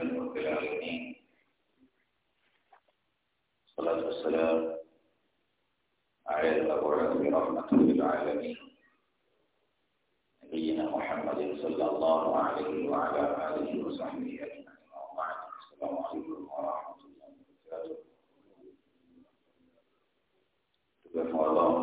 رب العالمين الصلاة والسلام على الأبرار رحمة للعالمين نبينا محمد صلى الله عليه وعلى آله وصحبه أجمعين وبعد السلام عليكم ورحمة الله وبركاته. الله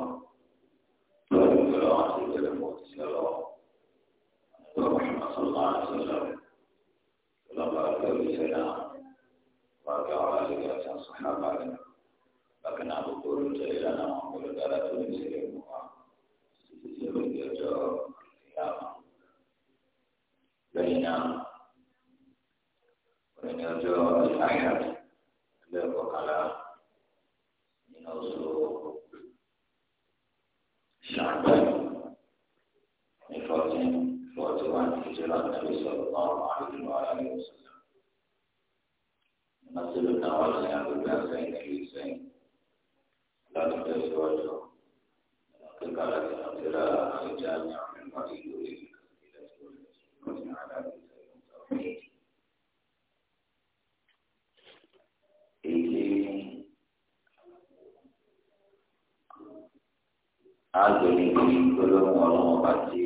ọlọ́wọ́n bá ti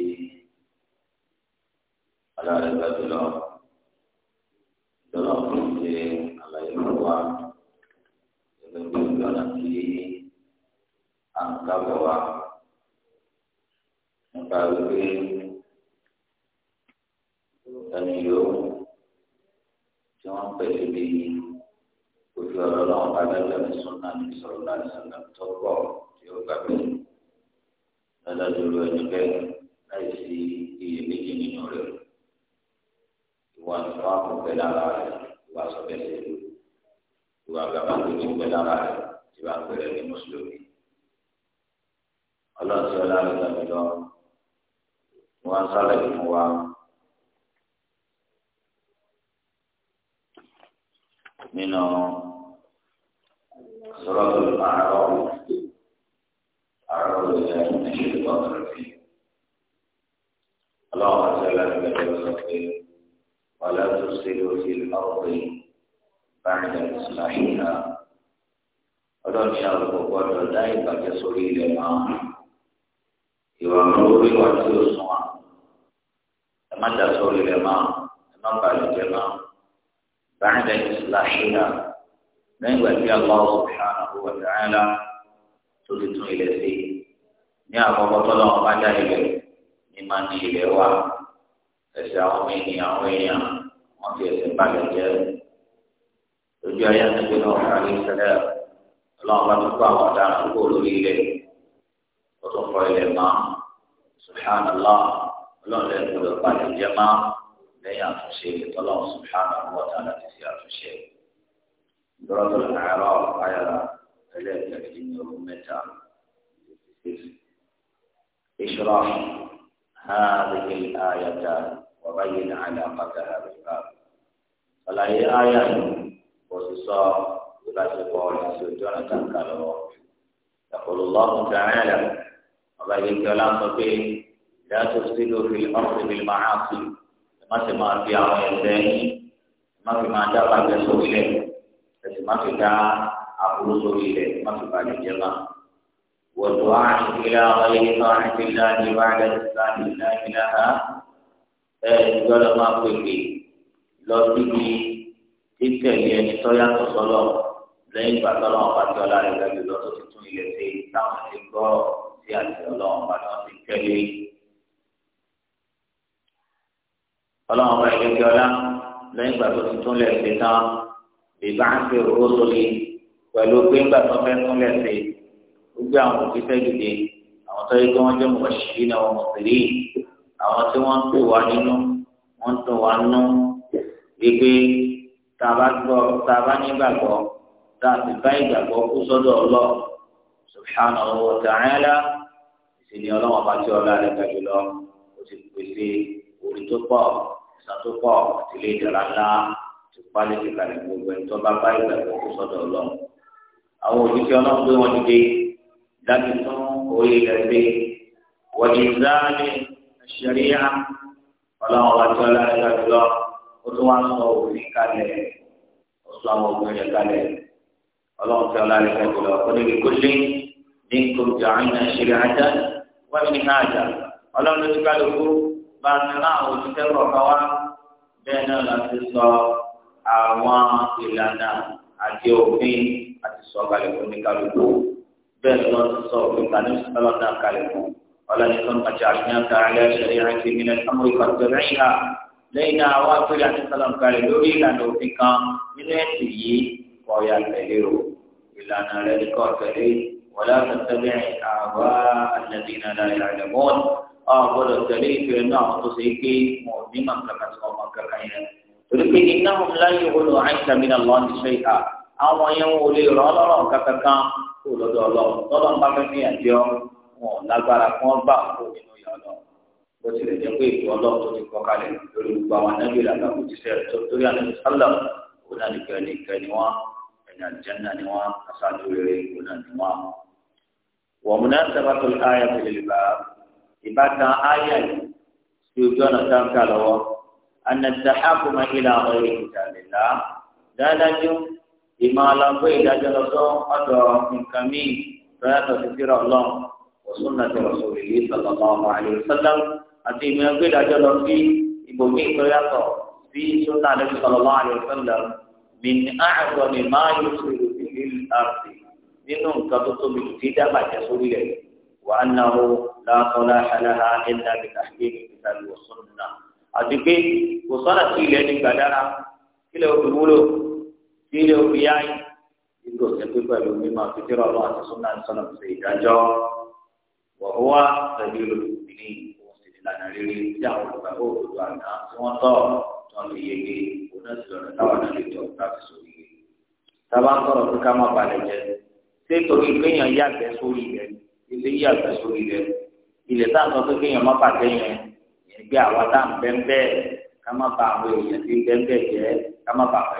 aláàrẹ gbàdúrà lọ lọ́nà fún ṣe àlàyé fún wa gẹ́gẹ́ bí ojú ọ̀nà tí à ń kábọ̀ wa nípa wípé ẹni yóò tí wọ́n pẹ̀lú bí ojú ọ̀rọ̀ bá dájọ́ ní sọ́nà ní sọ̀rọ̀ tó pọ̀ tí ó gbàgbé adájọ́rú ẹni bẹ́ẹ̀ láì sí iyèméjì nínú rẹ̀ ìwà nípa kò pẹ́ lára rẹ̀ ìwà sọ̀bẹ̀ sílù ìwà gàba tó ní pẹ́ lára rẹ̀ ìwà pẹ̀lẹ́ ní mùsùlùmí. ọlọ́ọ̀tí ọlọ́run tàbí lọ wọ́n sálẹ̀ fún wa. nínú sọ̀rọ̀ tó lù máa rọrùn. الرحيم ولا تفسدوا في الأرض بعد إصلاحها ọlọ́run ní àwọn gbọ́dọ̀ dá ìbàjẹ́ sórí ilẹ̀ máa ìwà lórí wà tí ó sùn wà ẹ má dá sórí ilẹ̀ máa ẹ má bàlẹ̀ jẹ́ máa بعد إصلاحها lẹ́yìn ìgbà tí Allah subhanahu wa ta'ala tó ti tún ilẹ̀ sí ní àkọ́kọ́ tọ́lọ́run bá dá ilẹ̀ ní máa ní ilẹ̀ wà. ẹ̀sẹ̀ àwọn ọmọ ènìyàn àwọn èèyàn wọ́n fi ẹ̀sìn balẹ̀ jẹ́ ojú ayé àtẹ̀gbẹ́ náà wà ní ìṣẹ̀lẹ̀ ọlọ́run bá tún kó àwọn ọ̀daràn àdúgbò lórí ilẹ̀ ó tún fọ ilẹ̀ mọ́ subhanallah ọlọ́run lẹ́nu gbọdọ̀ balẹ̀ jẹ́ mọ́ lẹ́yìn àtúnṣe ọlọ́run subhanahu wa ta'ala ti ṣe àtúnṣe ìdọ́rọ́tọ̀ làárọ̀ ayára ẹlẹ́ẹ̀kẹ́rin ní ọdún mẹ́ta ìṣúra هذه الآيتان وبين علاقتها بالباب فلا آية وصصا ولا تقول سجنة كالو يقول الله تعالى وبين كلام فيه لا تفسدوا في الأرض بالمعاصي ما تما في عمل ما في ما دفع بسوء ما في دا أبو سوء ما في بالي جماعه والدعاء إلى غير طاعة الله بعد إسلام الله لها ẹ̀ẹ́dì ọ̀la máa pèpè lọ síbi títẹ̀lé ẹni tó yàtọ̀ sọ́lọ̀ lẹ́yìn ìgbà tó lọ́wọ́ bá ti ọ̀la rẹ̀ lẹ́yìn lọ tó ti tún ilẹ̀ ṣe táwọn ti gbọ́ sí àti ọlọ́wọ́ bá tó ti tẹ̀lé. ọlọ́wọ́ bá ilé ti ọ̀la lẹ́yìn ìgbà tó ti tún ṣe tán bíbá ń fi sórí pẹ̀lú pé ńgbà tó fẹ́ tún ilẹ̀ ṣe gbogbo àwọn òfin fẹ́ dìde àwọn tó yẹ kí wọ́n jẹ́ mọ̀ọ́ṣì àwọn tí wọ́n ń pè wá nínú wọ́n ń tún wá nú wípé tá a bá gbọ́ tá a bá nígbàgbọ́ tá a sì bá ìgbàgbọ́ kú sọ́dọ̀ ọlọ́ subhanahu wa ta'ala ìsìnì ọlọ́wọ́n bá tí ọlá rẹ̀ gbàgbé lọ ó ti pèsè orí tó pọ̀ ìsàn tó pọ̀ àti ilé ìdára ńlá ti pálí ti kalẹ̀ gbogbo ẹni tó bá bá ìgbàgbọ́ kú sọ́dọ̀ ọlọ́ àwọn òṣìṣẹ́ ọlọ́run pé wọ́n ti dé láti tún orí rẹ̀ gbé ṣẹ̀ríyà ọlọ́run wa tí ọlá ẹ̀yà jùlọ ó tún wá sọ òfin kalẹ̀ ó sọ àwọn òfin rẹ̀ kalẹ̀ ọlọ́run tí ọlá ẹ̀yà jùlọ ó ní kíkó lé ní kòtò àìyàn ṣẹ̀rí ajá wọ́n ní ká àjà ọlọ́run tí kálukú bá ti ná àwọn òṣìṣẹ́ kọ̀ọ̀kan wá bẹ́ẹ̀ náà la ti sọ àwọn ìlànà àti òfin àti sọ̀kalẹ̀ fún ní kálukú bẹ́ẹ̀ lọ́ọ́ sọ òfin kàní sọ́lọ́dà kalẹ̀ fún. ولكن قد جعلناك على شريعة من الأمر فاتبعها lẹ́yìn náà wá pé àtúntàn kalẹ̀ lórí ìlànà òfin kan nínú ẹ̀sìn yìí kọ́ ya tẹ̀lé o ìlànà rẹ̀ ní kọ́ tẹ̀lé wọlé àtẹ̀tẹ̀lẹ̀ àwa àtẹ̀tẹ̀ ìlànà ìlànà mọ́ọ̀n ọ̀gbọ́dọ̀ tẹ̀lé ìfẹ́ náà àwọn tó ṣe é pé wọn ò ní màkà kan tí wọn mọ kankan yẹn torí pé iná wọn láyé olú àìsàn mi náà lọ́ọ́ ti ṣe ìhà àwọn yẹn wọn ò lè rọ́ ọlọ́run kankan kó lọ́dọ̀ ọlọ́run tọ́lọ́ wọn lágbára kí wọ́n gbà kó nínú ìyá ọlọ́run bó tilẹ̀ jẹ́ pé ètò ọlọ́run tó ti kọ́ kalẹ̀ lórí gbogbo àwọn anábì làgbà kò ti sẹ́yìn tó torí àlejò sálà òun náà ní kẹ́ni kẹ́ni wọn ẹ̀yìn àjẹ́nà ni wọn aṣáájú rere òun náà ni wọn. wọ̀mùnà sábàtò ayé pèlè bá ìbátan ayé tí ojú ọ̀nà táǹkà lọ́wọ́ anàtàkùnmá ilà ọ̀rẹ́ ìtàlélá dáadájú ìmọ̀ àlàfo ìdájọ́ lọ́sọ́ ọ̀dọ̀ nǹkan míì وسنة رسول الله صلى الله عليه وسلم àti ìmọ̀ ẹgbẹ́ ìdájọ́ lọ sí ibòmí ìtọ́yàtọ̀ sí sunna Ànábì sallallahu alaihi wasallam min a'zami ma yusiru fil ardi nínú nǹkan tó tóbi tí dábàá jẹ́ sórí rẹ̀ wa annahu la salaha laha illa bi tahkimi kitabi wa sunnah àti pé kò sọ́nà sí ilẹ̀ ní gbàdára kílẹ̀ òbí wúlò kílẹ̀ òbí yáyí nígbà òsè pípẹ́ lómi àti sunna وهو سبيل المؤمنين ìlànà rere tí àwọn olùgbàgbọ́ òdodo àná tí wọ́n tọ̀ tán lè yege òun náà sì lọ́nà táwọn náà lè tọ̀ láti sórí rẹ̀. sábà ń sọ̀rọ̀ pé ká má balẹ̀ jẹ́ ṣé torí kéèyàn yàgbẹ́ sórí rẹ̀ ilé yàgbẹ́ sórí rẹ̀ ilẹ̀ tá à ń sọ pé kéèyàn má bàjẹ́ yẹn yẹn gbé àwa tá à ń bẹ́ ń bẹ́ẹ̀ ká má ba àwọn èèyàn tí ń bẹ́ ń bẹ́ẹ̀ jẹ́ ká má ba àwọn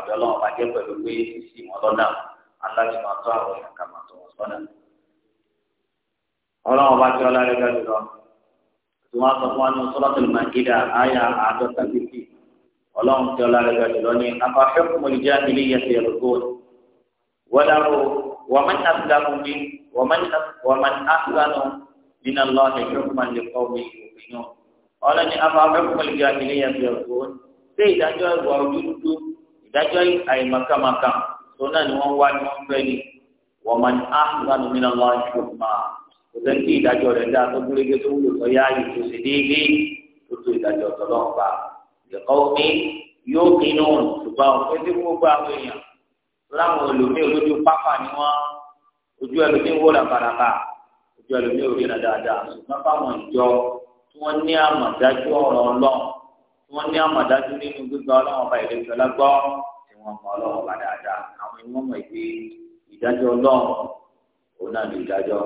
ẹ̀dọ́ ọlọ́run ọba tí ọlá rẹ̀ gbàdúrà lọ tí wọ́n sọ fún wa ní suratul Maida àyà àádọ́ta fífi ọlọ́run tí ọlá rẹ̀ gbàdúrà lọ ní afahukmul jahiliyyati yarghun wọ́dàrú wọ́mọ̀n àfúlàmù mi wọ́mọ̀n àfúlàmù min Allahi hukman liqawmin yuqinun ọlọ́ni afahukmul jahiliyyati yarghun ṣé ìdájọ́ ìwà ojúdúdú ìdájọ́ àìmọ̀kàmọ̀kà tó náà ni wọ́n wá ní wọ́n fẹ́ ni wọ́mọ̀n àfúlàmù min Allahi hukman kò sẹ́ni tí ìdájọ́ rẹ̀ dáa tó gúnrégé tó wúlò tó yá ayé tó ṣe déédéé tó tó ìdájọ́ ọ̀tọ̀lọ́ọ̀ba ìkọ́ omi yóò kínú ṣùgbọ́n ẹtí gbogbo àwọn èèyàn láwọn olùmí olójú pápá ni wọ́n ojú ẹlòmí wó làbàràbà ojú ẹlòmí ò ríran dáadáa ṣùgbọ́n fáwọn ìjọ tí wọ́n ní àmọ̀dájú ọ̀rọ̀ ọlọ́run tí wọ́n ní àmọ̀dájú nínú gbígbà ọlọ́run ọba ìrẹsì ọlágbọ́ tí wọ́n mọ ọlọ́run ọba dáadáa àwọn ìwọ́n mọ̀ ìgbé ìdájọ́ ọlọ́run òun náà ní ìdájọ́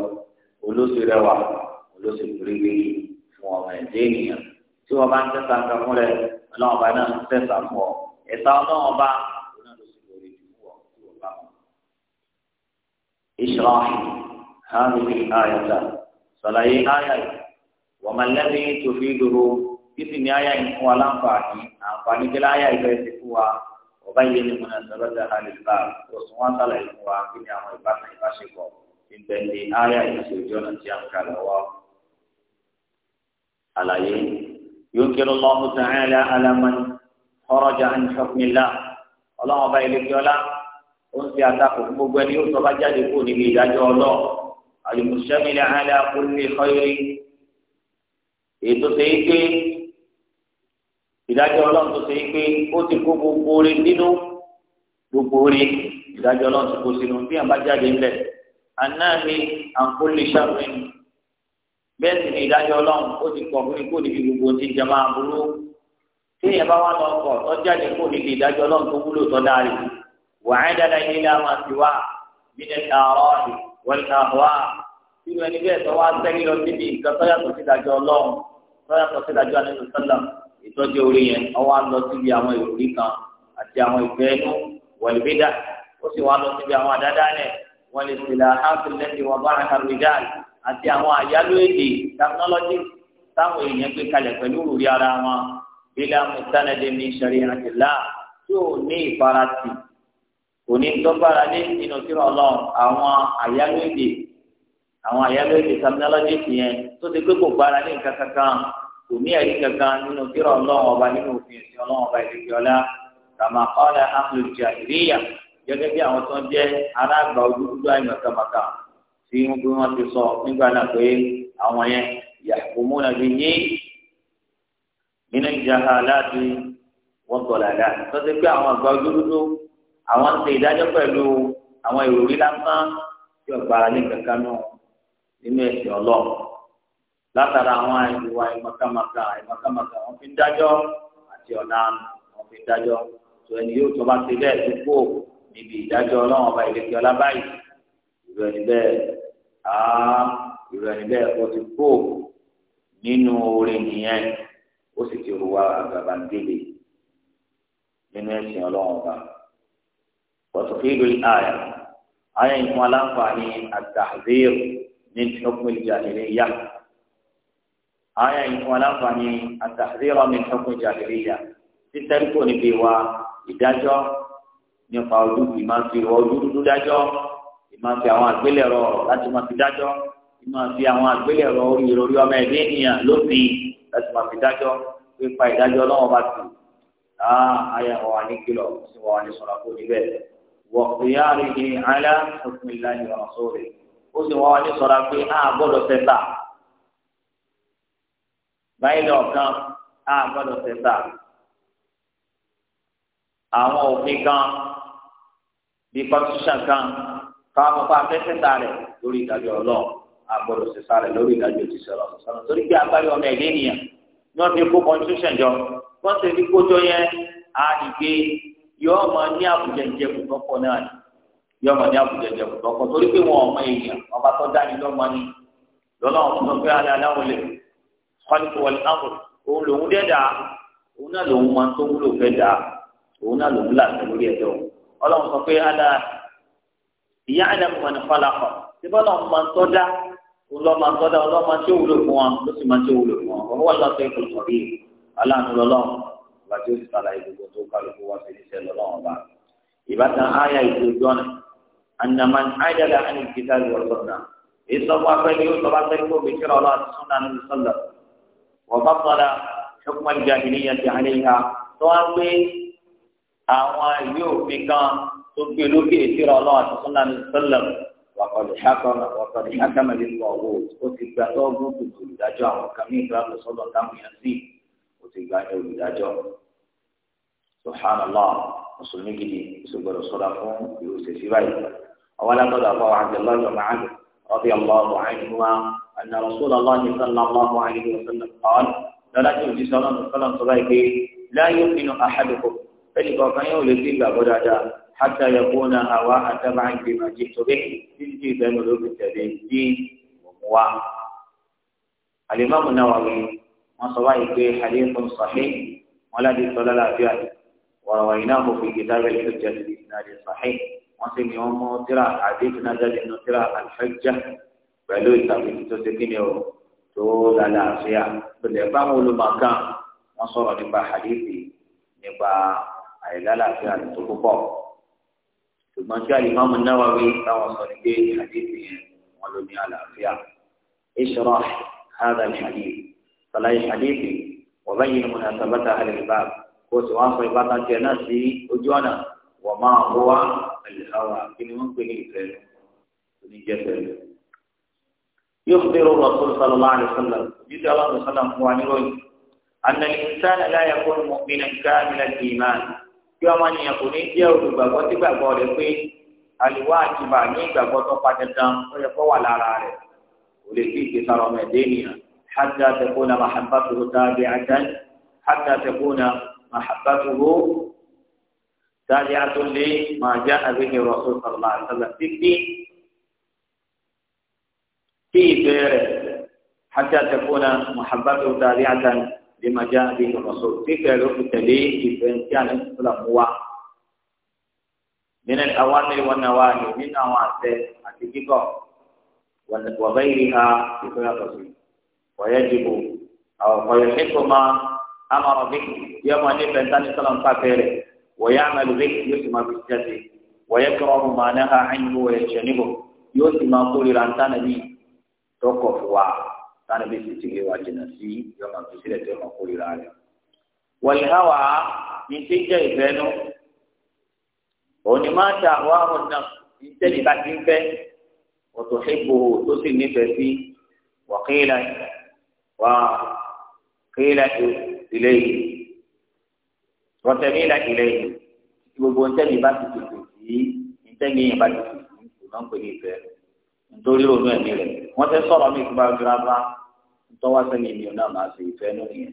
olóṣè rẹwà olóṣè pérébé fún ọmọ ẹ̀dẹ́ ènìyàn tí wọ́n bá ń tẹ́sà ń kankan rẹ ọlọ́wọ́n bá náà ń tẹ́sà fún ọ ẹ̀sà ọlọ́wọ́n bá اشرح هذه الآية صلاة آية وما الذي تفيده باسم آية ولا فاهم أنفاني كلا آية إذا وبين مناسبتها للباب وسواء صلاة وعقيدة وعبادة وعشقه ìgbẹ̀lẹ̀ ayé àìsàn ìjọ náà ti àǹkà lọ́wọ́. àlàyé ينكر الله تعالى على من خرج عن حكم الله ọlọ́run ọba ilé kíọ́lá ó ń fi àtakò fún gbogbo ẹni yóò tọ́ba jáde kúrò níbi ìdájọ́ ọlọ́ àlùmùsẹ́mìlẹ̀ àlẹ́ àkúrúlé ọ̀yẹ́rì ètò ṣe é pé ìdájọ́ ọlọ́run tó ṣe é pé ó ti kó gbogbo orin nínú gbogbo orin ìdájọ́ ọlọ́run ti kó sínú bí àbájáde ńlẹ̀ anáàmì àǹkólè sàrẹ́ni bẹ́ẹ̀ sì ni ìdájọ́ ọlọ́run ó ti kọ̀ fún ikú níbi gbogbo ti jẹ máa burú téèyàn bá wà lọ kọ̀ tọ́jáde kó níbi ìdájọ́ ọlọ́run tó wúlò tọ́ dáa rè wàá dáadáa ilé ilé àwọn àtiwá bí ní àárọ̀ wọlé àwọ̀ irú ẹni bẹ́ẹ̀ tọ́ wá sẹ́yìn lọ síbi nǹkan tọ́yàtọ̀ sí ìdájọ́ ọlọ́run tọ́yàtọ̀ sí ìdájọ́ àníṣe sọ́lá ìtọ́jú orí yẹn ọwọ́ á lọ síbi àwọn ìròrí kan àti àwọn ìfẹ́ inú wọ̀lùbídà ó sì wá lọ síbi àwọn àdádálẹ̀ wọ́n lè ṣèlè àhánsìlẹ́ndì wọn bá ara rìgáàlì àti àwọn àyálò èdè tẹkinọ́lọ́jì táwọn èèyàn gbé kalẹ̀ pẹ̀lú òrùlé ara wọn bílẹ̀ mùsànàdé ní ìṣẹ̀lẹ̀ àtìlá tí ò ní ìfarasì kò ní dọ́gbára lé nínú síra ọlọ́run àwọn àyálò èdè àwọn àyálò èdè tẹkinọ́lọ́jì yẹn tó ti pé kò gbára lé nǹkan kankan kò ní ẹ̀rí kankan nínú síra ọlọ́run ọba nínú òfin ìsìn ọlọ́run ọba ìdíjọ́lá kàmá kọ́lá gẹ́gẹ́ bí àwọn tó ń jẹ́ alágbà ojú dúdú àìmọ̀kàmọ̀kà tí wọ́n gbé wọn ti sọ nígbà náà pé àwọn yẹn yàgòmó náà fi yé nínú ìjà aláàbí wọn tọ̀lá dá tó ti pé àwọn àgbà ojú dúdú àwọn ń ṣe ìdájọ́ pẹ̀lú àwọn ìròrí lásán tí ọ̀gbà ní kankan náà nínú ẹ̀sìn ọlọ́run látara àwọn ìwà ìmọ̀kàmọ̀kà ìmọ̀kàmọ̀kà wọn fi ń dájọ́ àti ọ̀nà wọn fi ń dájọ́ tó ẹni yóò tó bá ti bẹ́ẹ̀ tó kú òkú níbi ìdájọ́ ọlọ́run ọba ìlẹ́kẹ́ ọlá báyìí ìlú ẹni bẹ́ẹ̀ á ìlú ẹni bẹ́ẹ̀ ó ti kó nínú orin nìyẹn ó sì ti rú wa àgàbàǹdélé nínú ẹ̀sìn ọlọ́run ọba pọ̀tùkì ìlú àyà àyà ìfún aláǹfààní àtàzír ní ìṣọ́kùn ìjàlélẹ́yà àyà ìfún aláǹfààní àtàzír ní ìṣọ́kùn ìjàlélẹ́yà títẹ́ríkò níbi wa ìdájọ́ nípa ojú kì máa fi ojú dúdú dájọ́ kì máa fi àwọn àgbélẹ̀rọ láti máa fi dájọ́ kì máa fi àwọn àgbélẹ̀rọ orí ìròrí ọmọ ẹ̀dẹ́ ènìyàn lófin láti máa fi dájọ́ pé pa ìdájọ́ náà bá tù á ah, àyà wà ní kìlọ̀ sí wà ní sọ̀rọ̀ kó níbẹ̀ wọ̀kùyà rẹ̀ ní àlá òfin ìlànà ìrọ̀rùn sóòrè ó sì wọ́n ní sọ̀rọ̀ pé á gbọ́dọ̀ tẹ̀sà báyìí lọ́ọ̀kan á gbọ́dọ̀ tẹ̀sà àwọn òfin kan bí kọ́tíṣàn kan káwọn kọ́kọ́ afẹ́fẹ́ ta rẹ̀ lórí ìdájọ́ ọlọ́ọ̀ agbọ́dọ̀ sísá rẹ̀ lórí ìdájọ́ ti sọ̀rọ̀ sọ̀rọ̀ torí pé abáyọ ọmọ ẹ̀dẹ́ nìyẹn ni wọ́n ti kó constitution jọ wọ́n ti fi kójọ yẹn á rí i pé yọ ọmọ ní àbújẹjẹ kùtọ́kọ náà ni yọ ọmọ ní àbújẹjẹ kùtọ́kọ torí pé wọn ọmọ èèyàn ọba tó dání lọ́mọ ni lọ́nà ọ̀hún tó fẹ́ alẹ́ aláwọ̀ lè kọ́lùkù wọlé náà òun lòún dẹ́ dáa òun náà lòún máa tó wúlò fẹ́ ọlọ́run sọ pé ala ìyá àdàmú wọn ni falakọ síbẹ̀ ọlọ́run máa ń tọ́já ọlọ́run máa ń tọ́já ọlọ́run máa ń tí ó wúlò fún wọn ló sì máa ń tí ó wúlò fún wọn ọwọ́ ọlọ́sẹ̀ ìkọlùkọ̀ bí aláàánú lọ́lọ́run ọba tí ó ti sàlàyé gbogbo tó kálukú wá sí iṣẹ́ lọ́lọ́run ọba ìbátan áyà ìlú jọ́nà ànàmán áyàdà àni kìtà ìwọ̀lọ́nà ìsọ̀bù afẹ́lẹ́ yóò sọ̀rọ̀ àwọn ìwé òfin kan tó gbé lókè ìṣirò ọlọ́run àti súnmọ́ni sọ́lọ̀m wàkọ̀lẹ̀ ṣàkọ́nà wàkọ̀lẹ̀ ṣàkàmẹ́lẹ́ lọ owó ó ti gba tọ́gbù gbogbo olùdájọ́ àwọn kan ní ìgbà tó sọ́dọ̀ táwọn yẹn sí ó ti gba ní olùdájọ́ subhanallah mùsùlùmí gidi ìṣògbọ̀dọ̀ sọ́dọ̀ fún ìwé òṣèṣì báyìí àwọn alágbọ́dọ̀ àfọwọ́ àjẹlọ́jọ́ màálù رضي الله عنهما أن رسول الله صلى ẹnìkan kan yóò lè fi gbàgbọ́ dáadáa hátà yẹ kó na àwa àtàbà ń gbé màjí torí títí tí ìfẹ́ ló fi tẹ̀lé dí òmù wa. Al-Imam Nawawi wọ́n sọ wáyé pé hadithun sahih wọn láti sọ lálàáfíà wàràwà iná kò fi kitab al-hujjah ti fi náà sahih wọ́n sì ní wọ́n mú tíra àdéhùn náà jáde nínú tíra al-hujjah pẹ̀lú ìtàkùn tó ṣe kí ni o tó lálàáfíà pẹ̀lú ẹ̀fọ́ àwọn olùmọ̀ọ́kàn wọ́n àìlálàáfíà tó púpọ̀ ṣùgbọ́n tí àlìmọ́mù Nawawi táwọn sọ ní pé àdéhùn yẹn wọn ló ní àlàáfíà ìṣòro hàdà ìṣàlì sàlàyé àdéhùn wọ́n bá yin múna sábàtà àlèbá kó sì wọ́n sọ ìbátan tiẹ̀ náà sí ojú ọ̀nà wọ́n máa ń wá àlèháwà kí ni wọ́n pè ní ìfẹ́ oníjẹ́fẹ́ yóò fi rọrùn ọ̀sán sọlọ́lá àlùsọ́lá jíjẹ́ aláwọ̀ sọ́lá fún wa níròyìn أن الإنسان ni يكون مؤمنا كامل الإيمان kí ọmọ nìyẹn kò ní jẹ́ olùgbàgbọ́ tí gbàgbọ́ rẹ̀ pé àlùwá àtìbà ní ìgbàgbọ́ tó pa dandan ó yẹ kó wà lára rẹ̀ kò lè fi ìgbé sára ọmọ ẹ̀dẹ́ ènìyàn hàtà tẹ̀kúnà màhàbàtúhù tàbí àdán hàtà tẹ̀kúnà màhàbàtúhù tàbí àtúndé màá já àbíkẹ́ rọ̀ṣọ́ sọ̀rọ̀ àtàlà títí tí ìfẹ́ rẹ̀ hàtà tẹ̀kúnà màhàbàtúhù tàbí Di máa já bí mo lọ sọ kíkẹ́ ló fi tẹ̀lé ìfẹ́ tí àná ti fúlà mú wa. nínú àwọn mẹ́rin wọn náà wà ní nínú àwọn àṣẹ àti kíkọ́ wọ́n bẹ́ẹ̀ yìí ha ìfẹ́ yàtọ̀ sí wọ́yẹ́ dìbò àwọn ọ̀yọ́ nípò máa amọ̀ràn bí yẹ máa ní bẹ̀ntá ní sọ́lá ń fà kánú bí sì tìlé wa jìnnà sí yọmọ fi sílẹ̀ tí ọmọ kórìíra rẹ̀. wọ̀nyí háwa ní tí jẹ́ ìfẹ́ nú òní máa ta àwọn àwọn náà ní tẹ́lẹ̀ bá ti ń fẹ́ ọ̀tọ̀ ṣẹ́gbó tó sì nífẹ̀ẹ́ sí wàkílà wàkílà ilé yìí rọ̀tẹ̀mílà ilé yìí gbogbo ntẹ́lẹ̀ bá ti tètè sí ntẹ́lẹ̀ yẹn bá ti tètè sí ìfẹ́ nítorí òun ẹ̀mí rẹ̀ wọ́n fẹ́ sọ̀rọ̀ mi ìfúnpá ojúra bá tọ́wọ́ sẹ́yìn ènìyàn náà máa ṣe ìfẹ́ nù nìyẹn.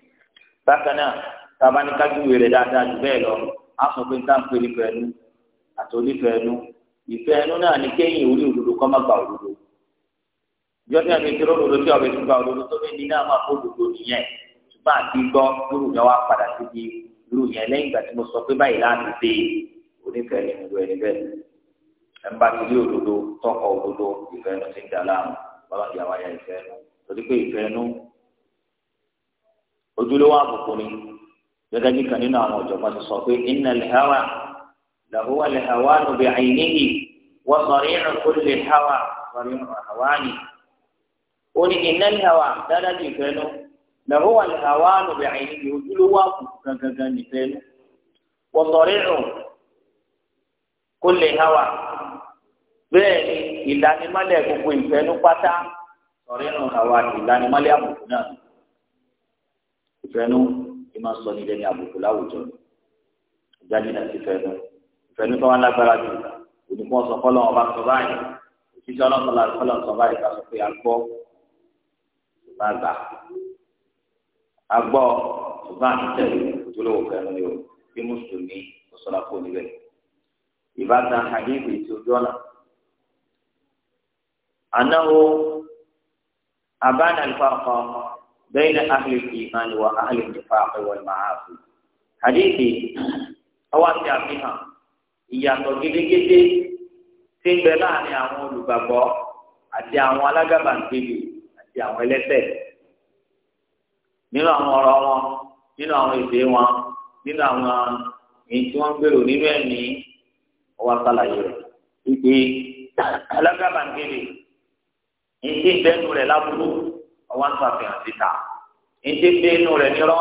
bákan náà tábà ní kájúwe rẹ̀ dáadáa jù bẹ́ẹ̀ lọ á sọ pé nǹkan pé nífẹ̀ẹ́ ẹnu àti onífẹ̀ẹ́ ẹnu ìfẹ́ ẹnu náà ní kéyìn orí òdodo kọ́ má gba òdodo. ìjọba mi ti ròdodo tí ọ̀bẹ ti gba òdodo tó ní náà máa kó òdodo nìyẹn ṣùgbọ́n àti gbọ́ lóru yẹn wá padà síbi lóru yẹn lẹ́yìn ìgbà tí mo sọ pé báyìí láti ṣe onífẹ̀ẹ́ ẹni ìlú ẹni bẹ́ẹ̀ ẹ̀ ti rí òdodo tọkọ òdodo ìfẹ́ ẹnu ti ń dà láàmú bọ́lá ìyàwó ayé ìfẹ́ ẹnu torí pé ìfẹ́ inú ojúlówó àbùkù ni gẹ́gẹ́ bí kan nínú àwọn ọ̀jọ̀gbọ́n ti sọ pé iná lẹ́hàwá làwọ́ lẹ́hàwá lóbi àìníyì wọ́n sọ̀rí ìrìnkú lẹ́hàwá sọ̀rí ìrìnkú ni. ó ní iná lẹ́hàwá dáadáa bí ìfẹ́ inú làwọ́ lẹ́hàwá lóbi àìníyì ojúlówó àbùkù gangan ní ìfẹ́ inú. wọ́n sọ̀rí ìrìnkú lẹ́hàwá bẹ́ẹ̀ ni ìdánimọ́lẹ̀ gbogbo ìfẹ́ inú pátá ọ̀rẹ́ nù àwọn ìlanimọ́lẹ̀ àbùkù náà ìfẹ́nu ìmọ̀ sọ nílẹ̀ ní àbùkù láwùjọ ìjáde náà ti fẹ́nu ìfẹ́nu tó wà lágbára jù òdìpọ̀ sọ fọlọ́ ọba sọ báyìí òṣìṣẹ́ ọlọ́sọ̀lá fọlọ́ sọ báyìí ká sọ pé a gbọ́ ìgbà gbà a gbọ́ ìgbà àtẹ̀lé ojúlówó fẹ́nu ni o bí mùsùlùmí ọ̀sọ̀lá kò níbẹ̀ ìbátan àdébì tí ojú ọ̀nà. ànáwó أبان الفرق بين أهل الإيمان وأهل النفاق والمعاصي حديثي أو أتعفيها ìyàtọ̀ gidigidi tí ń bẹ láàrin àwọn olùgbàgbọ́ àti àwọn alágàbàǹtẹ̀lẹ̀ àti àwọn ẹlẹ́ṣẹ̀ nínú àwọn ọ̀rọ̀ wọn nínú àwọn èdè wọn nínú àwọn èyí tí wọ́n ń gbèrò nínú ẹ̀mí ọwọ́ àtàlàyé rẹ̀ wípé alágàbàǹtẹ̀lẹ̀ ìdí bẹ́ẹ̀nu rẹ̀ lábúrú ọwọ́ ń sàfihàn síta ìdí bẹ́ẹ̀nu rẹ̀ nírọ́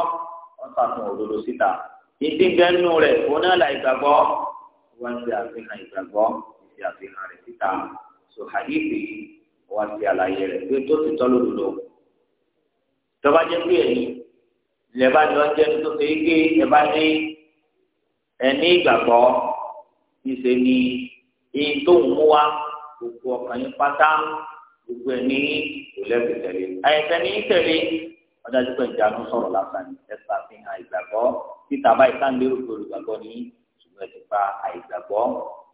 wọ́n sàfihàn òdodo síta ìdí bẹ́ẹ̀nu rẹ̀ onáàlà ìgbàgbọ́ wọ́n ti àfihàn ìgbàgbọ́ ti àfihàn rẹ̀ síta so hadithi wọ́n ti àlàyé rẹ̀ pé tó ti tọ́ lódodo tọ́ba jẹ́ pé ẹ̀yìn lẹ́bàá ni wọ́n jẹ́ tó ṣe é gé ẹ̀bá ní ẹni ìgbàgbọ́ ìṣe ni èyí tó ń mú wa gbogbo ọkàn yín pátá gbogbo ẹ̀ ní ìlẹ́sìn tẹ̀lé àyẹ̀tẹ̀ ní tẹ̀lé ọ̀dájú pé ìjánu sọ̀rọ̀ lásán ní ẹ̀sà fi hàn ìgbàgbọ́ títa báyìí sáńdérò tó olùgbàgbọ́ ní ṣùgbọ́n ẹ̀sìn pa àìgbàgbọ́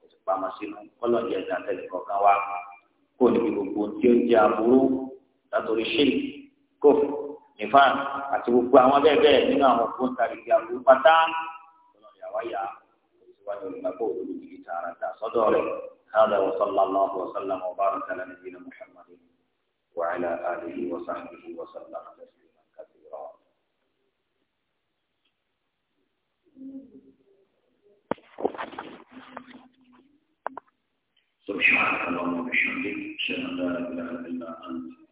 ẹ̀sìn pa mọ́ sínú kọ́lọ́ọ̀jì ẹ̀sìn àtẹ̀lẹ̀ kọ̀ọ̀kan wa kó níbi gbogbo tí ó jẹ́ aburú látòrí ṣe kó nífà àti gbogbo àwọn bẹ́ẹ̀ bẹ́ẹ̀ nínú àwọn ògbóǹtarìgì aburú pátá kọ́lọ́ọ̀jì àwáyà ìwádìí olùgbàgbọ́ òdòdó وعلى آله وصحبه وسلم تسليما كثيرا سبحانك اللهم وبحمدك اشهد ان لا اله الا انت